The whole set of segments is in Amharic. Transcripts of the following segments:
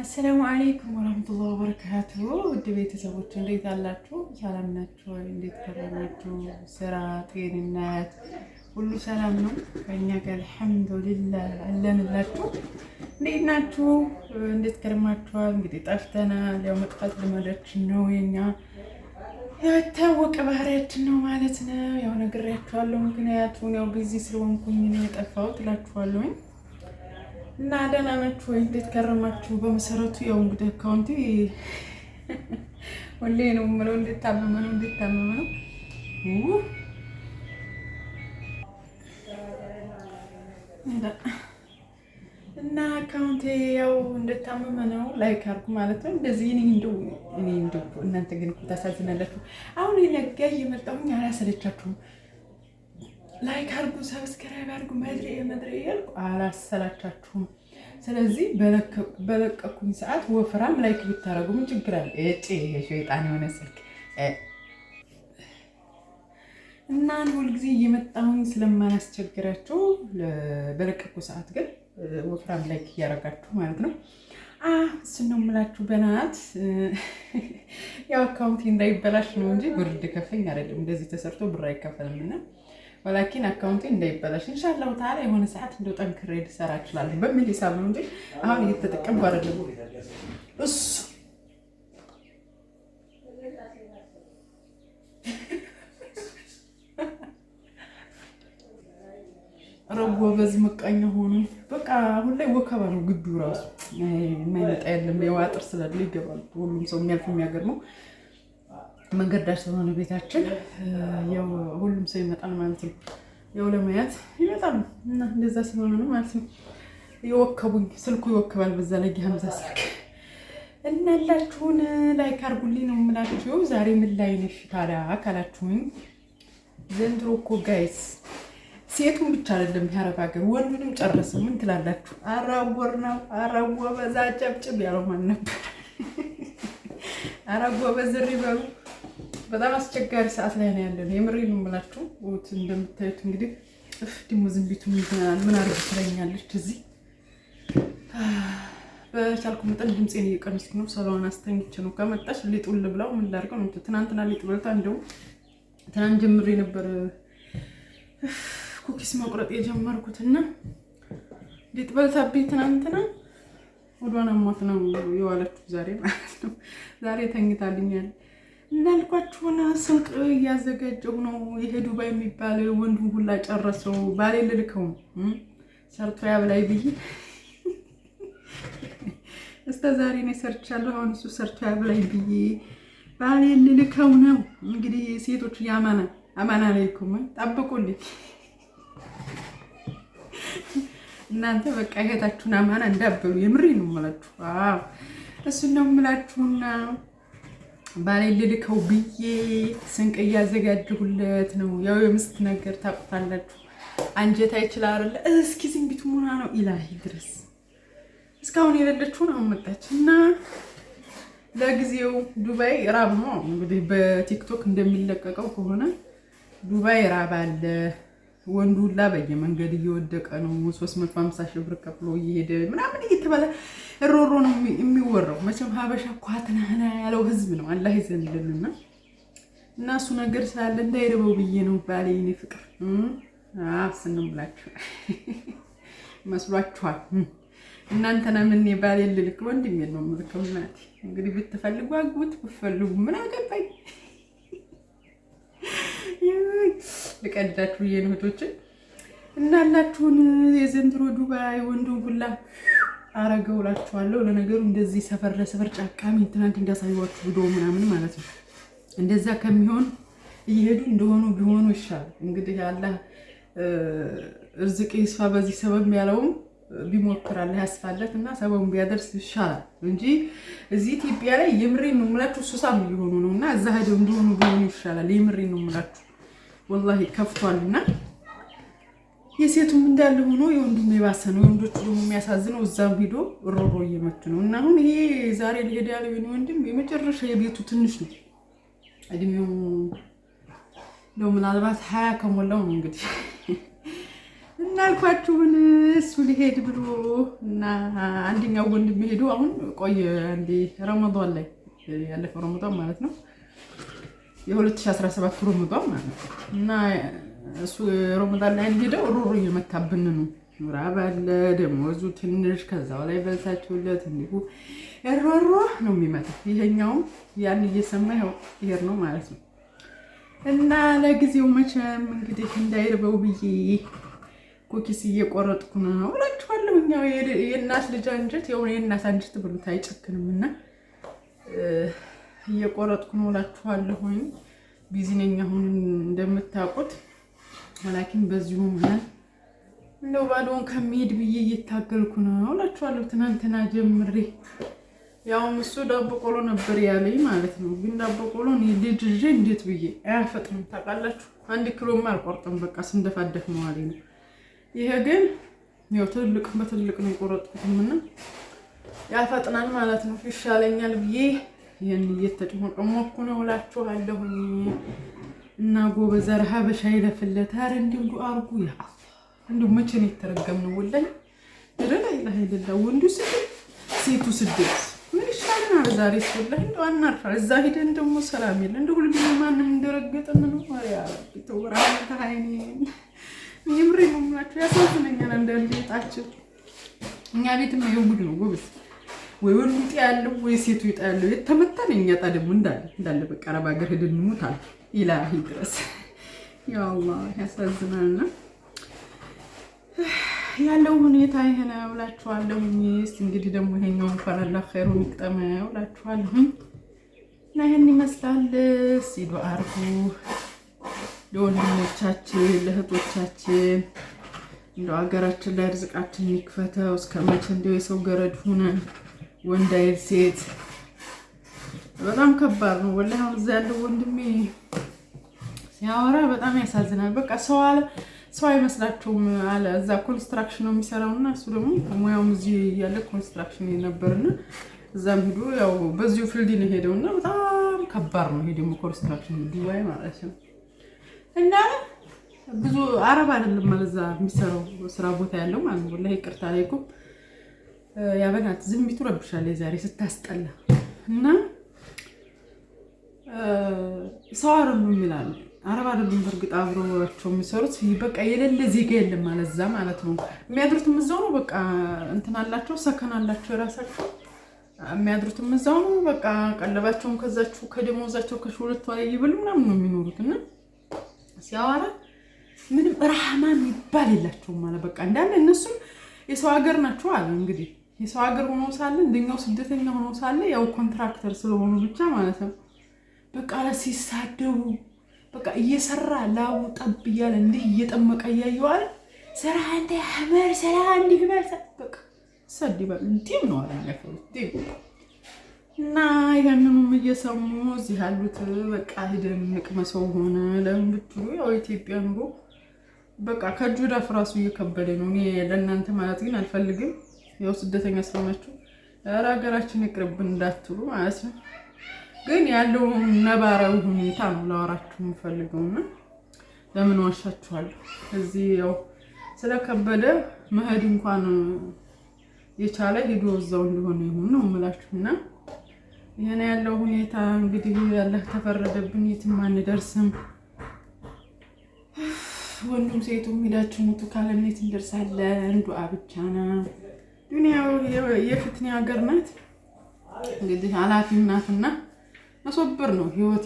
አሰላሙ አሌይኩም ወረህመቱላህ ወበረካቱ ውድ ቤተሰቦች እንዴት አላችሁ? ሰላም ናችሁ? እንዴት ከረማችሁ? ስራ፣ ጤንነት ሁሉ ሰላም ነው? ከእኛ ጋር አልሐምዱሊላህ አለንላችሁ። እንዴት ናችሁ? እንዴት ከረማችኋል? እንግዲህ ጠፍተናል። ያው መጥፋት ልማዳችን ነው፣ የኛ ያታወቀ ባህሪያችን ነው ማለት ነው። ያው ነግሬያችኋለሁ፣ ምክንያቱን ያው ቢዚ ስለሆንኩኝ ነው የጠፋሁት እላችኋለሁኝ እና ደህና ናችሁ ወይ? እንዴት ከረማችሁ? በመሰረቱ ያው እንግዲህ አካውንቲ ሁሌ ነው የምለው እንዴት ታመመ ነው እንዴት ታመመ ነው። እና አካውንቴ ያው እንደታመመ ነው። ላይክ አድርጉ ማለት ነው እንደዚህ። እኔ እንደው እኔ እንደው እናንተ ግን ታሳዝናላችሁ። አሁን ነገ እየመጣሁኝ አላሰለቻችሁም? ላይክ አርጉ፣ ሰብስክራይብ አርጉ፣ መድሬ መድሬ እያልኩ አላሰላቻችሁም። ስለዚህ በለቀኩኝ ሰዓት ወፍራም ላይክ ብታረጉ ምን ችግር አለ? እጭ ሸይጣን የሆነ ስልክ እና ሁልጊዜ እየመጣሁኝ ስለማያስቸግራችሁ በለቀኩ ሰዓት ግን ወፍራም ላይክ እያረጋችሁ ማለት ነው። እሱን ነው የምላችሁ። በናት ያው አካውንት እንዳይበላሽ ነው እንጂ ብርድ ከፈኝ አይደለም። እንደዚህ ተሰርቶ ብር አይከፈልም እና ወላኪን አካውንቴ እንዳይበላሽ ኢንሻአላህ ተዓላ የሆነ ሰዓት እንደው ጠንክሬ ልሰራ እችላለሁ በሚል ሂሳብ ነው እንጂ አሁን እየተጠቀምኩ አይደለም። እሱ ረጎ በዚህ መቃኛ ሆኑ። በቃ አሁን ላይ ወከባ ነው ግቢው ራሱ የማይመጣ የለም። የዋጥር ስላለ ይገባል ሁሉም ሰው የሚያልፍ የሚያገርመው መንገድ ዳር ስለሆነ ቤታችን ሁሉም ሰው ይመጣል ማለት ነው። ያው ለማየት ይመጣል እና እንደዛ ስለሆነ ነው ማለት ነው። የወከቡኝ ስልኩ ይወክባል። በዛ ላይ የሀምዛ ስልክ እናላችሁን ላይክ ነው የምላችሁ። ዛሬ ምን ላይ ነሽ ታዲያ አካላችሁኝ። ዘንድሮ እኮ ጋይስ ሴቱን ብቻ አይደለም የአረብ ሀገር ወንዱንም ጨረሰ። ምን ትላላችሁ? አራወር ነው አራወ በዛ ጨብጭብ ያለው ማን ነበር? አራወ በዝሪ በሉ በጣም አስቸጋሪ ሰዓት ላይ ነው ያለን። የምሬን ነው የምላችሁ። እንደምታዩት እንግዲህ እፍ ደግሞ ዝንቢቱ ምን አድርግ ትለኛለች። እዚህ በቻልኩ መጠን ድምፄን እየቀነስኩ ነው። ሰላዋን አስተኝቼ ነው ከመጣች ሊጡል ብላው ምን ላድርገው ነው። ትናንትና ሊጥ በልታ እንደውም ትናንት ጀምሬ ነበር ኩኪስ መቁረጥ የጀመርኩት የጀመርኩትና ሊጥ በልታብኝ ትናንትና ወዷን አሟት ነው የዋለችው ዛሬ ማለት ነው። ዛሬ ተኝታልኛል። እናልኳችሁን ስንቅ እያዘጋጀሁ ነው። ይሄ ዱባይ የሚባል ወንዱን ሁላ ጨረሰው። ባሌ ልልከው ሰርቶ ያብላይ ብዬ እስከ ዛሬ እኔ ሰርቻለሁ። አሁን እሱ ሰርቶ ያብላይ ብዬ ባሌ ልልከው ነው። እንግዲህ ሴቶች የአማና አማና አለይኩም ጠብቁልኝ። እናንተ በቃ እህታችሁን አማና እንዳበሉ የምሬ ነው የምላችሁ። እሱን ነው የምላችሁና ባሌን ልልከው ብዬ ስንቅ እያዘጋጀሁለት ነው። ያው የምስት ነገር ታውቁታላችሁ። አንጀታ ይችላል አለ እስኪ ዝንቢት ሙና ነው ኢላሂ ድረስ እስካሁን የሌለችውን አሁን መጣች እና ለጊዜው ዱባይ ራብ ነው እንግዲህ በቲክቶክ እንደሚለቀቀው ከሆነ ዱባይ ራብ አለ። ወንዱ ሁላ በየመንገድ እየወደቀ ነው። 350 ሺህ ብር ከፍሎ እየሄደ ምናምን እየተባለ ሮሮ ነው የሚወራው። መቼም ሀበሻ ኳትናህና ያለው ህዝብ ነው። አላህ ይዘንልንና እና እሱ ነገር ስላለ እንዳይርበው ብዬ ነው ባለ የኔ ፍቅር ስንምላችሁ መስሏችኋል። እናንተና ምን ባል ልልክ ወንድሜ ነው የምልከው። እናቴ እንግዲህ ብትፈልጉ አግቡት፣ ብትፈልጉ ምን አገባኝ። ልቀዳችሁ የእህቶችን እና እናላችሁን የዘንድሮ ዱባይ ወንዱ ሁላ አረገው እላችኋለሁ። ለነገሩ እንደዚህ ሰፈር ለሰፈር ጫቃሚ ትናንት እንዳሳዩዋችሁ ሂዶ ምናምን ማለት ነው። እንደዛ ከሚሆን እየሄዱ እንደሆኑ ቢሆኑ ይሻል። እንግዲህ አላህ እርዝቅ ይስፋ። በዚህ ሰበብ ያለውም ቢሞክራል ያስፋለት እና ሰበቡን ቢያደርስ ይሻላል እንጂ እዚህ ኢትዮጵያ ላይ የምሬን ነው የምላችሁ ሱሳም እየሆኑ ነው እና እዛ ሄደው እንደሆኑ ቢሆኑ ይሻላል። የምሬን ነው የምላችሁ ወላሂ ከፍቷልና የሴቱም እንዳለ ሆኖ የወንዱም የባሰ ነው። የወንዶቹ ደግሞ የሚያሳዝነው እዛም ሄዶ ሮሮ እየመቱ ነው። እና አሁን ይሄ ዛሬ ሊሄድ ያለው የእኔ ወንድም የመጨረሻ የቤቱ ትንሽ ነው። እድሜው ነው ምናልባት ሀያ ከሞላው ነው እንግዲህ እናልኳችሁን እሱ ሊሄድ ብሎ እና አንደኛው ወንድም ሄዶ አሁን ቆየ አንዴ ረመዷን ላይ ያለፈው ረመዷን ማለት ነው የ2017 ረመዷን ማለት ነው እና እሱ ሮመዳን ላይ እንሄደው ሩሩ እየመታብን ነው። ራብ ባለ ደሞዙ ትንሽ ከዛው ላይ በልታችሁለት እንዲሁ ሮሮ ነው የሚመጣው። ይሄኛውም ያን እየሰማ ይኸው ይሄድ ነው ማለት ነው። እና ለጊዜው መቼም እንግዲህ እንዳይርበው ብዬ ኩኪስ እየቆረጥኩ ነው እላችኋለሁ። እኛው የእናት ልጅ አንጀት የሆነ የእናት አንጀት ብሉት አይጨክንም እና እየቆረጥኩ ነው እላችኋለሁኝ። ቢዚ ነኝ አሁን እንደምታውቁት ወላኪን በዚሁ ብለን እንደው ባዶውን ከሚሄድ ብዬ እየታገልኩ ነው እላችኋለሁ። ትናንትና ጀምሬ ያውም እሱ ዳቦ ቆሎ ነበር ያለኝ ማለት ነው። ግን ዳቦ ቆሎ ልጅ ይዤ እንዴት ብዬ አያፈጥንም ታውቃላችሁ። አንድ ኪሎማ አልቆርጥም፣ በቃ ስንደፋደፍ መዋል ነው። ይሄ ግን ያው ትልቅ በትልቅ ነው የቆረጥኩትምና ያፈጥናል ማለት ነው። ይሻለኛል ብዬ ይህን እየተጭሞቀሞኩ ነው እላችኋለሁኝ። እና ጎበዝ ኧረ ሀበሻ ይለፍለት። ኧረ እንዲሁ እንዲሁ አርጉ ያ እንዲሁ መቼ ነው የተረገምነው? ወላሂ ረላ ይላይልላ ወንዱ ስድብ፣ ሴቱ ስደት ምን ይሻለን? ኧረ ዛሬ ወላሂ እንደው አናርፋ። እዛ ሂደን ደግሞ ሰላም የለ እንደ ሁልጊዜ ማንም እንደረገጠን ነው። ተወራተሀይኔ የምሬ ነው የምላቸው ያሳዝነኛል። አንዳንድ ጣቸው እኛ ቤትማ ይኸው ጉድ ነው ጎበዝ ወይ ወንዱ ጤ ያለው ወይ ሴቱ ጤ ያለው የተመታን እኛ ጣ ደግሞ እንዳለ እንዳለ በቃ አረብ ሀገር ሄደን እንሞታለን። ኢላሂ ድረስ ያአላ ያሳዝናልና ያለው ሁኔታ ይሄ ነው እላችኋለሁ። እስኪ እንግዲህ ደግሞ ይሄኛው እንኳን አላህ ኸይሩን ይቅጠመው እላችኋለሁ። እና ይሄን ይመስላል። እስኪ ዱአ ለወንድሞቻችን ለእህቶቻችን እንደ ሀገራችን ላይ ርዝቃችን ይክፈተው። እስከ መቼ እንደው የሰው ገረድ ሁነን ወንድ አይል ሴት በጣም ከባድ ነው። ወላሂ አሁን እዛ ያለው ወንድሜ ሲያወራ በጣም ያሳዝናል። በቃ ሰው አለ ሰው አይመስላችሁም አለ። እዛ ኮንስትራክሽን ነው የሚሰራው እና እሱ ደግሞ ሙያውም እዚህ ያለ ኮንስትራክሽን ነበርና እዛም ሄዶ ያው በዚሁ ፊልድ ነው ሄደው እና በጣም ከባድ ነው። ይሄ ደግሞ ኮንስትራክሽን ዱባይ ማለት ነው እና ብዙ አረብ አይደለም ማለት እዛ የሚሰራው ስራ ቦታ ያለው ማለት ነው። ወላሂ ይቅርታ ላይ ያበናት ያ በናት ዝምቢቱ ረብሻል የዛሬ ስታስጠላ እና ሰው አይደሉም ይላሉ። አረብ አይደሉም። በእርግጥ አብረዋቸው የሚሰሩት በቃ የሌለ ዜጋ የለም ማለት እዛ ማለት ነው። የሚያድሩትም እዛው ነው። በቃ እንትን አላቸው፣ ሰከን አላቸው የራሳቸው የሚያድሩትም እዛው ነው። በቃ ቀለባቸውን ከዛችሁ ከደሞዛቸው ከሽሁለቱ ላይ ይበሉ ምናምን ነው የሚኖሩት እና ሲያዋራ ምንም ረሃማ የሚባል የላቸውም ማለት በቃ እንዳለ እነሱም የሰው ሀገር ናቸው አለ እንግዲህ የሰው ሀገር ሆኖ ሳለ እንደኛው ስደተኛ ሆኖ ሳለ ያው ኮንትራክተር ስለሆኑ ብቻ ማለት ነው በቃ ሲሳደቡ በቃ እየሰራ ላቡ ጠብ እያለ እንዲህ እየጠመቀ እያየዋል። ስራ አንተ ያመር ስራ እንዲህ በቃ ይሰድባሉ። እንዲም ነው አላገፈሩ እና ያንኑም እየሰሙ እዚህ ያሉት በቃ ሂደንቅ መሰው ሆነ ለምን ብትሉ ያው ኢትዮጵያ ኑሮ በቃ ከእጅ ወደ አፍ ራሱ እየከበደ ነው። እኔ ለእናንተ ማለት ግን አልፈልግም። ያው ስደተኛ ስለሆናችሁ ኧረ ሀገራችን ይቅርብን እንዳትሉ ማለት ነው። ግን ያለው ነባራዊ ሁኔታ ነው ላወራችሁ የምፈልገውና ለምን ዋሻችኋለሁ። እዚህ ያው ስለከበደ መሄድ እንኳን የቻለ ሂዶ እዛው እንደሆነ ይሁን ነው የምላችሁና ይሄን ያለው ሁኔታ እንግዲህ ያለ ተፈረደብን። የትም አንደርስም። ወንዱም ሴቱም ሄዳችሁ ሙቱ ካለን የት እንደርሳለን? ዱአ ብቻ ነው። ዱንያው የፍትኔ ሀገር ናት። እንግዲህ አላፊ ናትና አስወብር ነው። ህይወት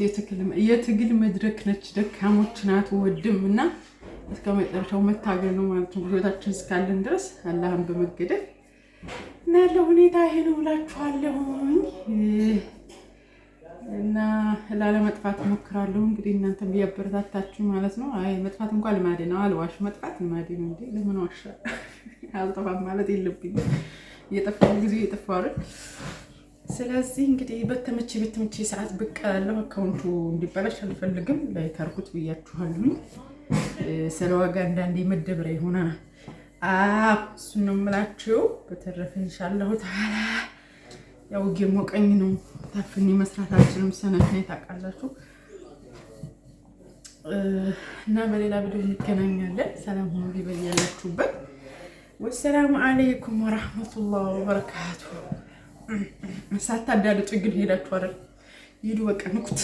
የትግል መድረክ ነች። ደካሞች ናት ወድም እና እስከ መጨረሻው መታገል ነው ማለት ነው። ህይወታችን እስካለን ድረስ አላህን በመገደል እና ያለው ሁኔታ ይሄ ነው እላችኋለሁ። እና ላለመጥፋት እሞክራለሁ። እንግዲህ እናንተ ቢያበረታታችሁ ማለት ነው። አይ መጥፋት እንኳን ልማዴ ነው፣ አልዋሽ መጥፋት ልማዴ ነው እንዴ! ለምን ዋሻ? አልጠፋም ማለት የለብኝ። እየጠፋሁ ጊዜ እየጠፋሁ አይደል ስለዚህ እንግዲህ በተመቼ በተመቼ ሰዓት ብቅ ያለው አካውንቱ እንዲበላሽ አልፈልግም። ላይ ታርኩት ብያችኋለሁኝ። ስለ ዋጋ አንዳንዴ መደብሪያ ይሆናል። አዎ እሱን ነው የምላችሁ። በተረፈ እንሻለሁ ተላ ያው ሞቀኝ ነው ታፍኔ መስራታችንም ሰነት ነው ታውቃላችሁ። እና በሌላ ቪዲዮ እንገናኛለን። ሰላም ሁኑ ሊበያላችሁበት። ወሰላሙ አለይኩም ወራህመቱላህ ወበረካቱ ሳታዳሉ ጭግል ሄዳችኋል። ሂዱ በቃ ንቁት።